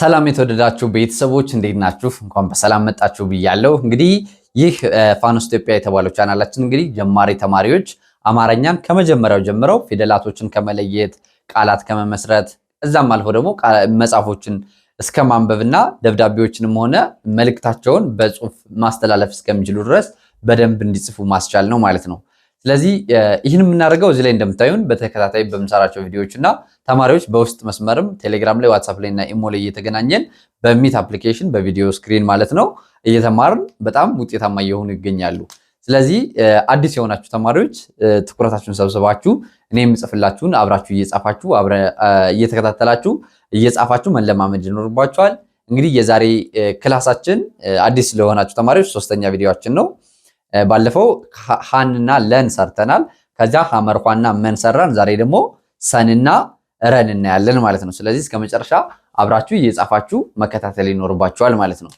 ሰላም የተወደዳችሁ ቤተሰቦች እንዴት ናችሁ? እንኳን በሰላም መጣችሁ ብያለሁ። እንግዲህ ይህ ፋኖስ ኢትዮጵያ የተባለው ቻናላችን እንግዲህ ጀማሪ ተማሪዎች አማርኛን ከመጀመሪያው ጀምረው ፊደላቶችን ከመለየት፣ ቃላት ከመመስረት እዛም አልፎ ደግሞ መጽሐፎችን እስከ ማንበብና ደብዳቤዎችንም ሆነ መልእክታቸውን በጽሁፍ ማስተላለፍ እስከሚችሉ ድረስ በደንብ እንዲጽፉ ማስቻል ነው ማለት ነው። ስለዚህ ይህን የምናደርገው እዚህ ላይ እንደምታዩን በተከታታይ በምንሰራቸው ቪዲዮዎች እና ተማሪዎች በውስጥ መስመርም ቴሌግራም ላይ ዋትሳፕ ላይ እና ኢሞ ላይ እየተገናኘን በሚት አፕሊኬሽን በቪዲዮ ስክሪን ማለት ነው እየተማርን በጣም ውጤታማ እየሆኑ ይገኛሉ። ስለዚህ አዲስ የሆናችሁ ተማሪዎች ትኩረታችሁን ሰብስባችሁ እኔ የምጽፍላችሁን አብራችሁ እየጻፋችሁ እየተከታተላችሁ እየጻፋችሁ መለማመድ ይኖርባችኋል። እንግዲህ የዛሬ ክላሳችን አዲስ ለሆናችሁ ተማሪዎች ሶስተኛ ቪዲዮችን ነው። ባለፈው ሃንና ለን ሰርተናል። ከዚያ ሀመርኳና መን ሰራን። ዛሬ ደግሞ ሰንና ረን እናያለን ማለት ነው። ስለዚህ እስከ መጨረሻ አብራችሁ እየጻፋችሁ መከታተል ይኖርባችኋል ማለት ነው።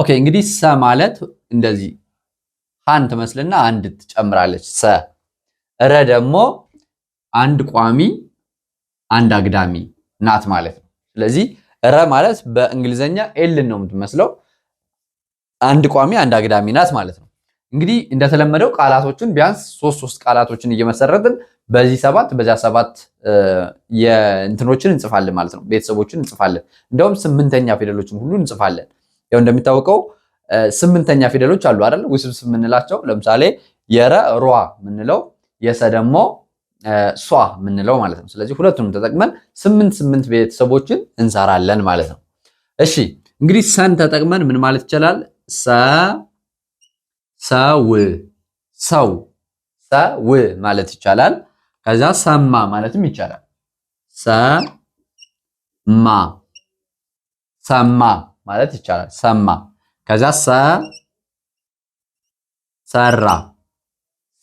ኦኬ እንግዲህ ሰ ማለት እንደዚህ ሃን ትመስልና አንድ ትጨምራለች። ሰ ረ ደግሞ አንድ ቋሚ አንድ አግዳሚ ናት ማለት ነው። ስለዚህ ረ ማለት በእንግሊዘኛ ኤልን ነው የምትመስለው። አንድ ቋሚ አንድ አግዳሚ ናት ማለት ነው። እንግዲህ እንደተለመደው ቃላቶችን ቢያንስ ሶስት ሶስት ቃላቶችን እየመሰረትን በዚህ ሰባት በዚያ ሰባት የእንትኖችን እንጽፋለን ማለት ነው። ቤተሰቦችን እንጽፋለን። እንደውም ስምንተኛ ፊደሎችን ሁሉ እንጽፋለን። ያው እንደሚታወቀው ስምንተኛ ፊደሎች አሉ አይደል? ውስብስብ የምንላቸው ለምሳሌ የረ ሯ የምንለው የሰ ደግሞ ሷ የምንለው ማለት ነው። ስለዚህ ሁለቱንም ተጠቅመን ስምንት ስምንት ቤተሰቦችን እንሰራለን ማለት ነው። እሺ እንግዲህ ሰን ተጠቅመን ምን ማለት ይቻላል? ሰ ሰው ሰው ሰው ማለት ይቻላል። ከዛ ሰማ ማለትም ይቻላል። ሰማ ሰማ ማለት ይቻላል። ሰማ ከዛ ሰ ሰራ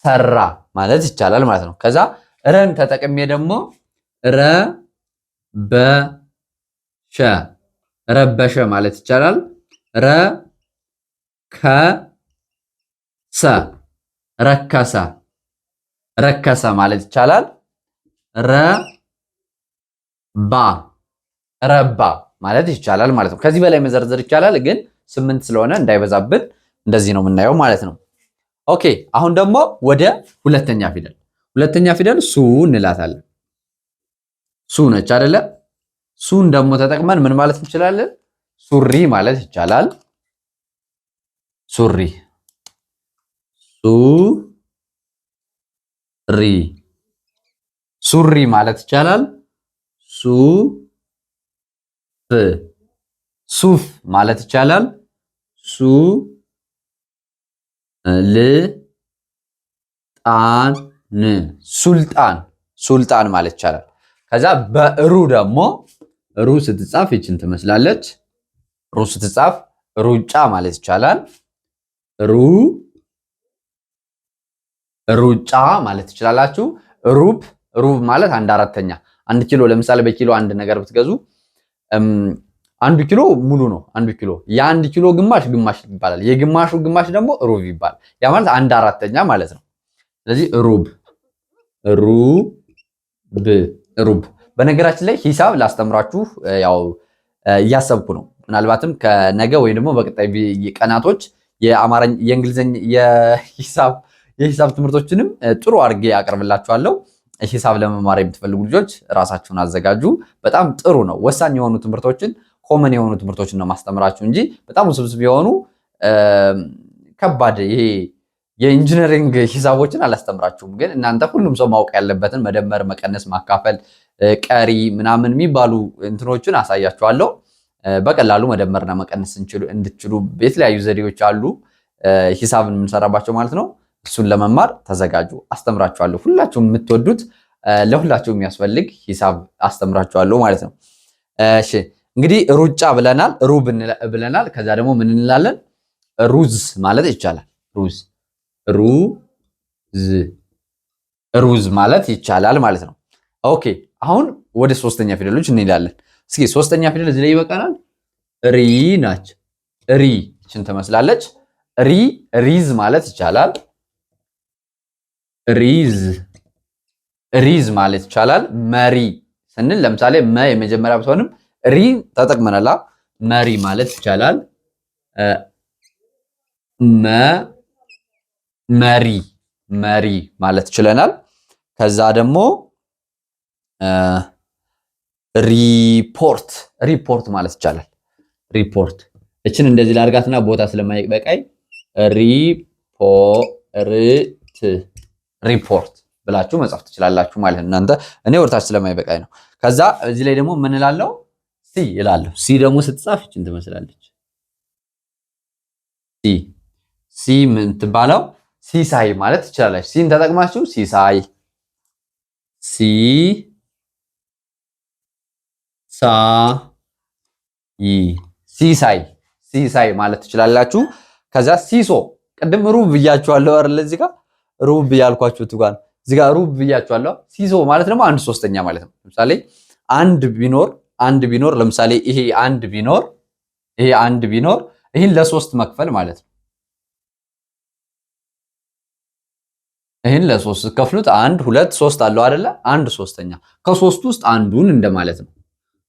ሰራ ማለት ይቻላል ማለት ነው። ከዛ ረን ተጠቅሜ ደግሞ ረ በሸ ረበሸ ማለት ይቻላል። ረ ከ ሰ ረከሰ ረከሰ ማለት ይቻላል። ረባ ረባ ማለት ይቻላል ማለት ነው። ከዚህ በላይ መዘርዘር ይቻላል፣ ግን ስምንት ስለሆነ እንዳይበዛብን እንደዚህ ነው የምናየው ማለት ነው። ኦኬ አሁን ደግሞ ወደ ሁለተኛ ፊደል ሁለተኛ ፊደል ሱ እንላታለን። ሱ ነች አይደለ? ሱን ደግሞ ተጠቅመን ምን ማለት እንችላለን? ሱሪ ማለት ይቻላል። ሱሪ ሱሪ ሱሪ ማለት ይቻላል። ሱፍ ሱፍ ማለት ይቻላል። ሱ ል ጣን ሱልጣን ሱልጣን ማለት ይቻላል። ከዛ በሩ ደግሞ ሩ ስትጻፍ ይችን ትመስላለች። ሩ ስትጻፍ ሩጫ ማለት ይቻላል። ሩ ሩጫ ማለት ትችላላችሁ። ሩብ ሩብ ማለት አንድ አራተኛ አንድ ኪሎ ለምሳሌ በኪሎ አንድ ነገር ብትገዙ አንዱ ኪሎ ሙሉ ነው። አንዱ ኪሎ የአንድ ኪሎ ግማሽ ግማሽ ይባላል። የግማሹ ግማሽ ደግሞ ሩብ ይባላል። ያ ማለት አንድ አራተኛ ማለት ነው። ስለዚህ ሩብ ሩብ ሩብ። በነገራችን ላይ ሂሳብ ላስተምራችሁ ያው እያሰብኩ ነው። ምናልባትም ከነገ ወይ ደግሞ በቀጣይ ቀናቶች የእንግሊዝኛ የሂሳብ የሂሳብ ትምህርቶችንም ጥሩ አድርጌ አቀርብላችኋለሁ። ሂሳብ ለመማር የምትፈልጉ ልጆች ራሳችሁን አዘጋጁ። በጣም ጥሩ ነው። ወሳኝ የሆኑ ትምህርቶችን ኮመን የሆኑ ትምህርቶችን ነው ማስተምራችሁ እንጂ በጣም ውስብስብ የሆኑ ከባድ ይሄ የኢንጂነሪንግ ሂሳቦችን አላስተምራችሁም። ግን እናንተ ሁሉም ሰው ማወቅ ያለበትን መደመር፣ መቀነስ፣ ማካፈል፣ ቀሪ ምናምን የሚባሉ እንትኖችን አሳያችኋለሁ። በቀላሉ መደመርና መቀነስ እንድትችሉ የተለያዩ ዘዴዎች አሉ ሂሳብን የምንሰራባቸው ማለት ነው። እሱን ለመማር ተዘጋጁ። አስተምራችኋለሁ። ሁላችሁም የምትወዱት ለሁላችሁ የሚያስፈልግ ሂሳብ አስተምራችኋለሁ ማለት ነው። እሺ እንግዲህ ሩጫ ብለናል፣ ሩ ብለናል። ከዛ ደግሞ ምን እንላለን? ሩዝ ማለት ይቻላል። ሩዝ ዝ ሩዝ ማለት ይቻላል ማለት ነው። ኦኬ አሁን ወደ ሶስተኛ ፊደሎች እንሄዳለን። እስኪ ሶስተኛ ፊደል እዚህ ላይ ይበቃናል። ሪ ናች። ሪ ችን ትመስላለች። ሪ ሪዝ ማለት ይቻላል። ሪዝ ሪዝ ማለት ይቻላል። መሪ ስንል ለምሳሌ መ የመጀመሪያ ብትሆንም ሪ ተጠቅመናላ መሪ ማለት ይቻላል። መ መሪ መሪ ማለት ችለናል። ከዛ ደግሞ ሪፖርት ሪፖርት ማለት ይቻላል። ሪፖርት እችን እንደዚህ ላድርጋትና ቦታ ስለማይበቃኝ ሪፖርት ሪፖርት ብላችሁ መጻፍ ትችላላችሁ ማለት ነው። እናንተ እኔ ወርታች ስለማይበቃኝ ነው። ከዛ እዚህ ላይ ደግሞ ምን እላለሁ? ሲ እላለሁ። ሲ ደግሞ ስትጻፍ ይችን ትመስላለች። ሲ ሲ ምን ትባለው? ሲሳይ ማለት ትችላላችሁ። ሲን ተጠቅማችሁ ሲሳይ፣ ሲ ሳ ይ ሲሳይ፣ ሲሳይ ማለት ትችላላችሁ። ከዛ ሲሶ ቅድም ሩብ ብያችኋለሁ አይደል እዚህ ጋር ሩብ ያልኳችሁ ጋር እዚህ ጋር ሩብ ብያችኋለሁ። ሲሶ ማለት ደግሞ አንድ ሶስተኛ ማለት ነው። ለምሳሌ አንድ ቢኖር አንድ ቢኖር ለምሳሌ ይሄ አንድ ቢኖር ይሄ አንድ ቢኖር ይህን ለሶስት መክፈል ማለት ነው። ይህን ለሶስት ከፍሉት አንድ ሁለት ሶስት አለው አይደለ? አንድ ሶስተኛ ከሶስት ውስጥ አንዱን እንደማለት ነው።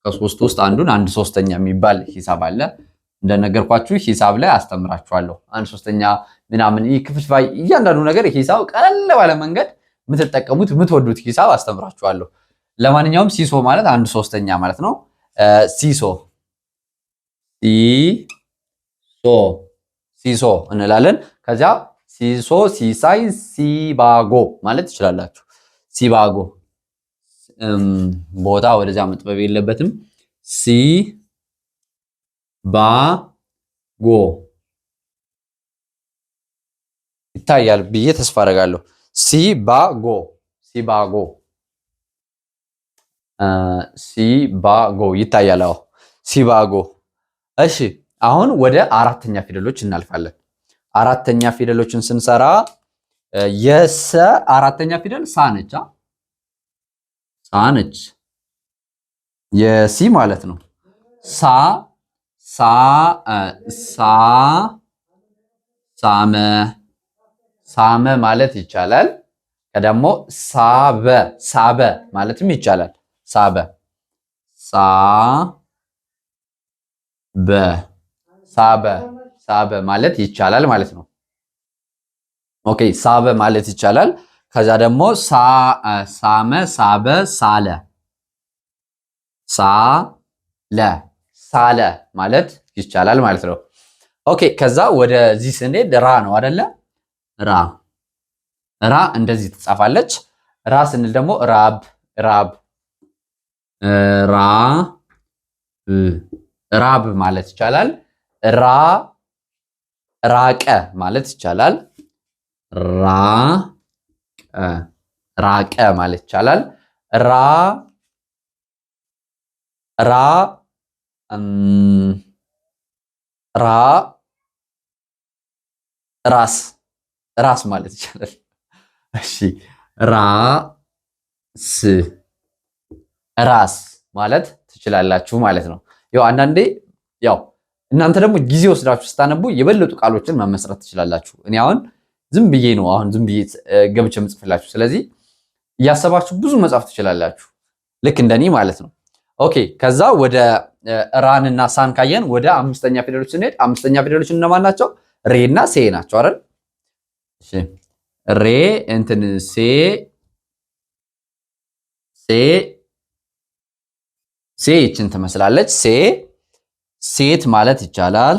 ከሶስት ውስጥ አንዱን አንድ ሶስተኛ የሚባል ሂሳብ አለ። እንደነገርኳችሁ ሂሳብ ላይ አስተምራችኋለሁ። አንድ ሶስተኛ ምናምን ክፍልፋይ፣ እያንዳንዱ ነገር ሂሳብ ቀለል ባለ መንገድ የምትጠቀሙት የምትወዱት ሂሳብ አስተምራችኋለሁ። ለማንኛውም ሲሶ ማለት አንድ ሶስተኛ ማለት ነው። ሲሶ ሲሶ ሲሶ እንላለን። ከዚያ ሲሶ፣ ሲሳይ፣ ሲባጎ ማለት ትችላላችሁ። ሲባጎ ቦታ ወደዚያ መጥበብ የለበትም። ሲባጎ ይታያል ብዬ ተስፋ አደርጋለሁ። ሲባጎ ሲባጎ ሲባጎ ይታያል። አዎ ሲባጎ። እሺ አሁን ወደ አራተኛ ፊደሎች እናልፋለን። አራተኛ ፊደሎችን ስንሰራ የሰ አራተኛ ፊደል ሳ ነች። ሳ ነች የሲ ማለት ነው። ሳ ሳ ሳ ሳመ ሳመ ማለት ይቻላል። ከደግሞ ሳበ ሳበ ማለትም ይቻላል። ሳበ በ ሳበ ሳበ ማለት ይቻላል ማለት ነው። ኦኬ ሳበ ማለት ይቻላል። ከዛ ደግሞ ሳመ ሳበ ሳለ ለ ሳለ ማለት ይቻላል ማለት ነው። ኦኬ ከዛ ወደዚህ ስንሄድ ራ ነው አይደለ? ራ ራ እንደዚህ ትጻፋለች። ራ ስንል ደግሞ ራብ ራብ ራ ራብ ማለት ይቻላል። ራ ራቀ ማለት ይቻላል። ራ ራቀ ማለት ይቻላል። ራ ራ ራ ራስ ራስ ማለት ይቻላል። እሺ ራስ ራስ ማለት ትችላላችሁ ማለት ነው። ያው አንዳንዴ ያው እናንተ ደግሞ ጊዜ ወስዳችሁ ስታነቡ የበለጡ ቃሎችን መመስረት ትችላላችሁ። እኔ አሁን ዝም ብዬ ነው አሁን ዝም ብዬ ገብቼ ምጽፍላችሁ። ስለዚህ እያሰባችሁ ብዙ መጻፍ ትችላላችሁ፣ ልክ እንደኔ ማለት ነው። ኦኬ ከዛ ወደ ራን እና ሳን ካየን ወደ አምስተኛ ፊደሎች ስንሄድ አምስተኛ ፊደሎች እነማን ናቸው? ሬ እና ሴ ናቸው አይደል? ሬ እንትን ሴ ሴ ሴ ይችን ትመስላለች። ሴ ሴት ማለት ይቻላል።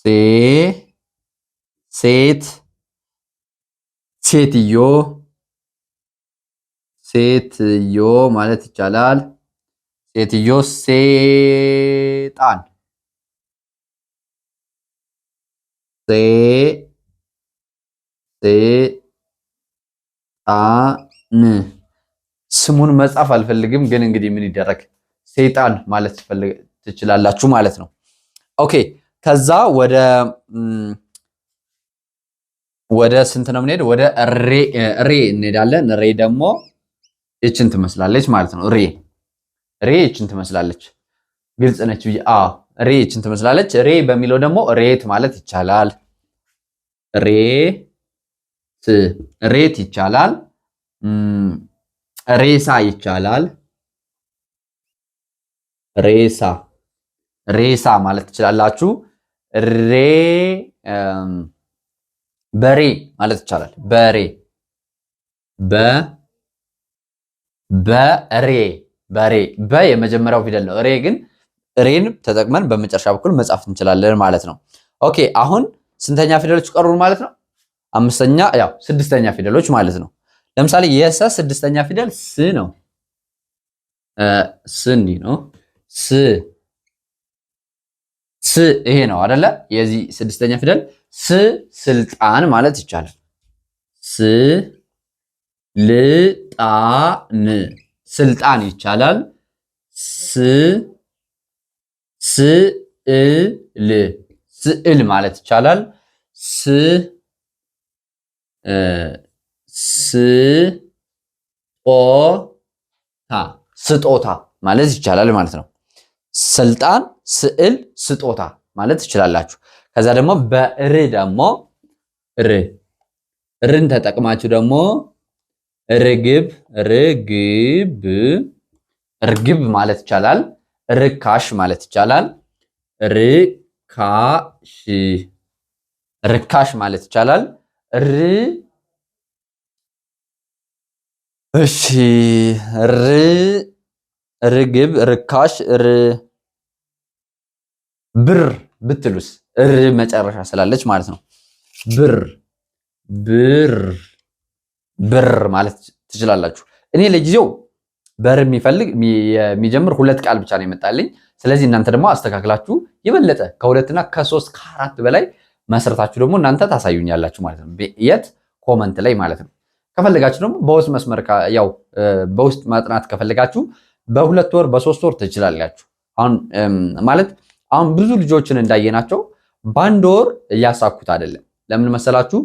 ሴ ሴት ሴትዮ ሴትዮ ማለት ይቻላል። ሴትዮ ሴጣን ሴ ሴጣን ስሙን መጻፍ አልፈልግም፣ ግን እንግዲህ ምን ይደረግ ሴጣን ማለት ትችላላችሁ ማለት ነው። ኦኬ ከዛ ወደ ወደ ስንት ነው የምንሄድ? ወደ ሬ ሬ እንሄዳለን። ሬ ደግሞ ይችን ትመስላለች ማለት ነው። ሬ ሬ እችን ትመስላለች። ግልጽ ነች አ ሬ እችን ትመስላለች። ሬ በሚለው ደግሞ ሬት ማለት ይቻላል። ሬ ሬት ይቻላል። ሬሳ ይቻላል። ሬሳ ሬሳ ማለት ትችላላችሁ። ሬ በሬ ማለት ይቻላል። በሬ በ በሬ በሬ በ የመጀመሪያው ፊደል ነው። ሬ ግን ሬን ተጠቅመን በመጨረሻ በኩል መጻፍ እንችላለን ማለት ነው። ኦኬ አሁን ስንተኛ ፊደሎች ቀሩን ማለት ነው? አምስተኛ ያው ስድስተኛ ፊደሎች ማለት ነው። ለምሳሌ የሰ ስድስተኛ ፊደል ስ ነው። ስ እንዲህ ነው። ስ ስ ይሄ ነው አደለ? የዚህ ስድስተኛ ፊደል ስ ስልጣን ማለት ይቻላል። ስ ልጣን ስልጣን ይቻላል። ስ ስዕል ስዕል ማለት ይቻላል። ስ ስጦታ ስጦታ ማለት ይቻላል ማለት ነው። ስልጣን፣ ስዕል፣ ስጦታ ማለት ትችላላችሁ። ከዛ ደግሞ በር ደግሞ ር ርን ተጠቅማችሁ ደግሞ ርግብ ርግብ ርግብ ማለት ይቻላል። ርካሽ ማለት ይቻላል። ርካሽ ርካሽ ማለት ይቻላል። ር እሺ ር ርግብ ርካሽ ር ብር ብትሉስ ር መጨረሻ ስላለች ማለት ነው። ብር ብር ብር ማለት ትችላላችሁ። እኔ ለጊዜው በር የሚፈልግ የሚጀምር ሁለት ቃል ብቻ ነው የመጣልኝ። ስለዚህ እናንተ ደግሞ አስተካክላችሁ የበለጠ ከሁለትና ከሶስት ከአራት በላይ መስረታችሁ ደግሞ እናንተ ታሳዩኛላችሁ ማለት ነው። የት ኮመንት ላይ ማለት ነው። ከፈለጋችሁ ደግሞ በውስጥ መስመር ያው በውስጥ ማጥናት ከፈለጋችሁ በሁለት ወር በሶስት ወር ትችላላችሁ። አሁን ማለት አሁን ብዙ ልጆችን እንዳየናቸው በአንድ ወር እያሳኩት አይደለም። ለምን መሰላችሁ?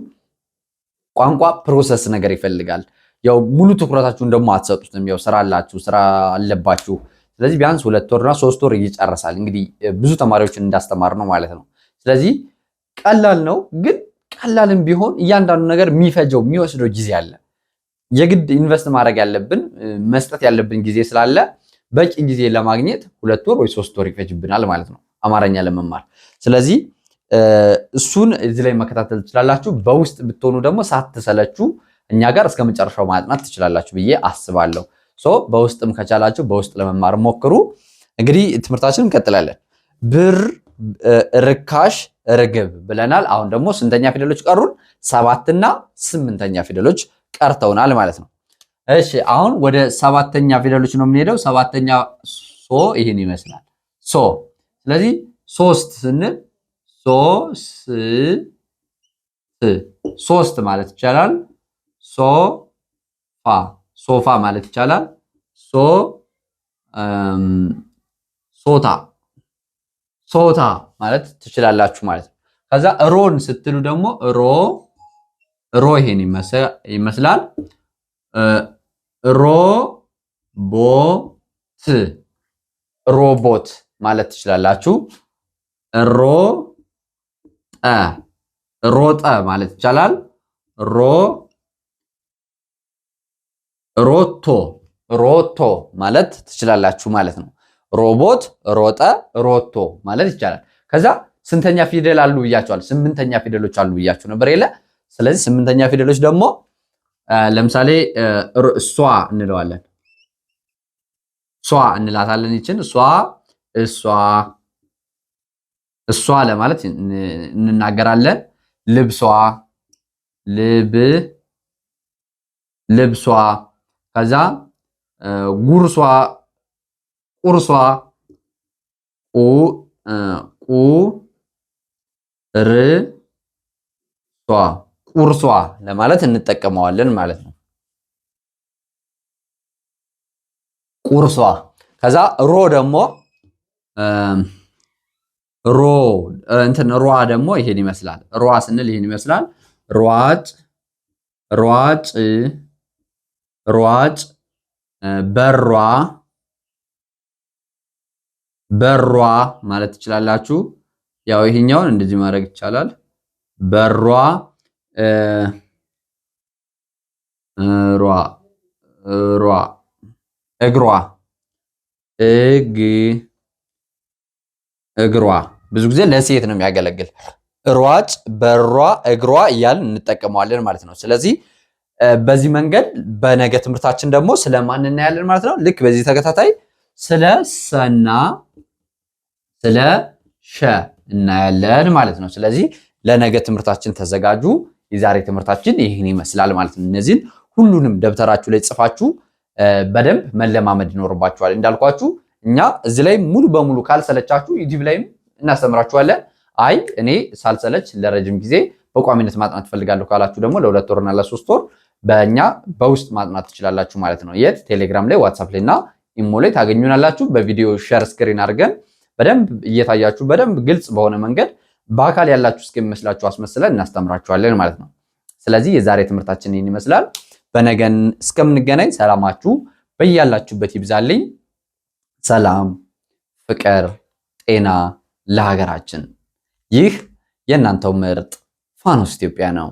ቋንቋ ፕሮሰስ ነገር ይፈልጋል። ያው ሙሉ ትኩረታችሁን ደግሞ አትሰጡትም። ያው ስራ አላችሁ፣ ስራ አለባችሁ። ስለዚህ ቢያንስ ሁለት ወርና ሶስት ወር ይጨርሳል። እንግዲህ ብዙ ተማሪዎችን እንዳስተማር ነው ማለት ነው። ስለዚህ ቀላል ነው፣ ግን ቀላልም ቢሆን እያንዳንዱ ነገር የሚፈጀው የሚወስደው ጊዜ አለ። የግድ ኢንቨስት ማድረግ ያለብን መስጠት ያለብን ጊዜ ስላለ በቂ ጊዜ ለማግኘት ሁለት ወር ወይ ሶስት ወር ይፈጅብናል ማለት ነው አማርኛ ለመማር። ስለዚህ እሱን እዚህ ላይ መከታተል ትችላላችሁ። በውስጥ ብትሆኑ ደግሞ ሳትሰለችሁ እኛ ጋር እስከ መጨረሻው ማጥናት ትችላላችሁ ብዬ አስባለሁ። በውስጥም ከቻላችሁ በውስጥ ለመማር ሞክሩ። እንግዲህ ትምህርታችንን እንቀጥላለን። ብር ርካሽ ርግብ ብለናል። አሁን ደግሞ ስንተኛ ፊደሎች ቀሩን? ሰባትና ስምንተኛ ፊደሎች ቀርተውናል ማለት ነው። እሺ አሁን ወደ ሰባተኛ ፊደሎች ነው የምንሄደው። ሰባተኛ ሶ ይህን ይመስላል። ሶ ስለዚህ ሶስት ስንል ሶ ስ ሶስት ማለት ይቻላል። ሶ ፋ ሶፋ ማለት ይቻላል። ሶ ሶታ ሶታ ማለት ትችላላችሁ ማለት ነው። ከዛ ሮን ስትሉ ደግሞ ሮ ሮ ይሄን ይመስላል። ሮ ቦ ት ሮቦት ማለት ትችላላችሁ። ሮ ጠ ሮጠ ማለት ይቻላል። ሮ ሮቶ ሮቶ ማለት ትችላላችሁ ማለት ነው። ሮቦት፣ ሮጠ፣ ሮቶ ማለት ይቻላል። ከዛ ስንተኛ ፊደል አሉ ብያቸዋል? ስምንተኛ ፊደሎች አሉ ብያቸው ነበር የለ። ስለዚህ ስምንተኛ ፊደሎች ደግሞ ለምሳሌ እሷ እንለዋለን፣ እሷ እንላታለን። ይችን እሷ እሷ እሷ ለማለት እንናገራለን። ልብሷ ልብ ልብሷ ከዛ ጉርሷ ቁርሷ ቁርሷ ቁርሷ ለማለት እንጠቀመዋለን ማለት ነው። ቁርሷ ከዛ ሮ ደግሞ ሮ እንትን ሯ ደግሞ ይሄን ይመስላል። ሯ ስንል ይሄን ይመስላል። ሯጭ ሯጭ ሯጭ በሯ በሯ ማለት ትችላላችሁ። ያው ይሄኛውን እንደዚህ ማድረግ ይቻላል። በሯ ሯ ሯ እግሯ እግ እግሯ ብዙ ጊዜ ለሴት ነው የሚያገለግል። ሯጭ፣ በሯ፣ እግሯ እያልን እንጠቀመዋለን ማለት ነው። ስለዚህ በዚህ መንገድ በነገ ትምህርታችን ደግሞ ስለማን እናያለን ማለት ነው። ልክ በዚህ ተከታታይ ስለ ሰና ስለ ሸ እናያለን ማለት ነው። ስለዚህ ለነገ ትምህርታችን ተዘጋጁ። የዛሬ ትምህርታችን ይህን ይመስላል ማለት ነው። እነዚህን ሁሉንም ደብተራችሁ ላይ ጽፋችሁ በደንብ መለማመድ ይኖርባችኋል። እንዳልኳችሁ እኛ እዚህ ላይ ሙሉ በሙሉ ካልሰለቻችሁ ዩቲዩብ ላይም እናስተምራችኋለን። አይ እኔ ሳልሰለች ለረጅም ጊዜ በቋሚነት ማጥናት ትፈልጋለሁ ካላችሁ ደግሞ ለሁለት ወርና ለሶስት ወር በእኛ በውስጥ ማጥናት ትችላላችሁ ማለት ነው። የት ቴሌግራም ላይ፣ ዋትሳፕ ላይ እና ኢሞ ላይ ታገኙናላችሁ። በቪዲዮ ሸር ስክሪን አድርገን በደንብ እየታያችሁ በደንብ ግልጽ በሆነ መንገድ በአካል ያላችሁ እስከሚመስላችሁ አስመስለን እናስተምራችኋለን ማለት ነው። ስለዚህ የዛሬ ትምህርታችን ይህን ይመስላል። በነገን እስከምንገናኝ ሰላማችሁ በያላችሁበት ይብዛልኝ። ሰላም፣ ፍቅር፣ ጤና ለሀገራችን። ይህ የእናንተው ምርጥ ፋኖስ ኢትዮጵያ ነው።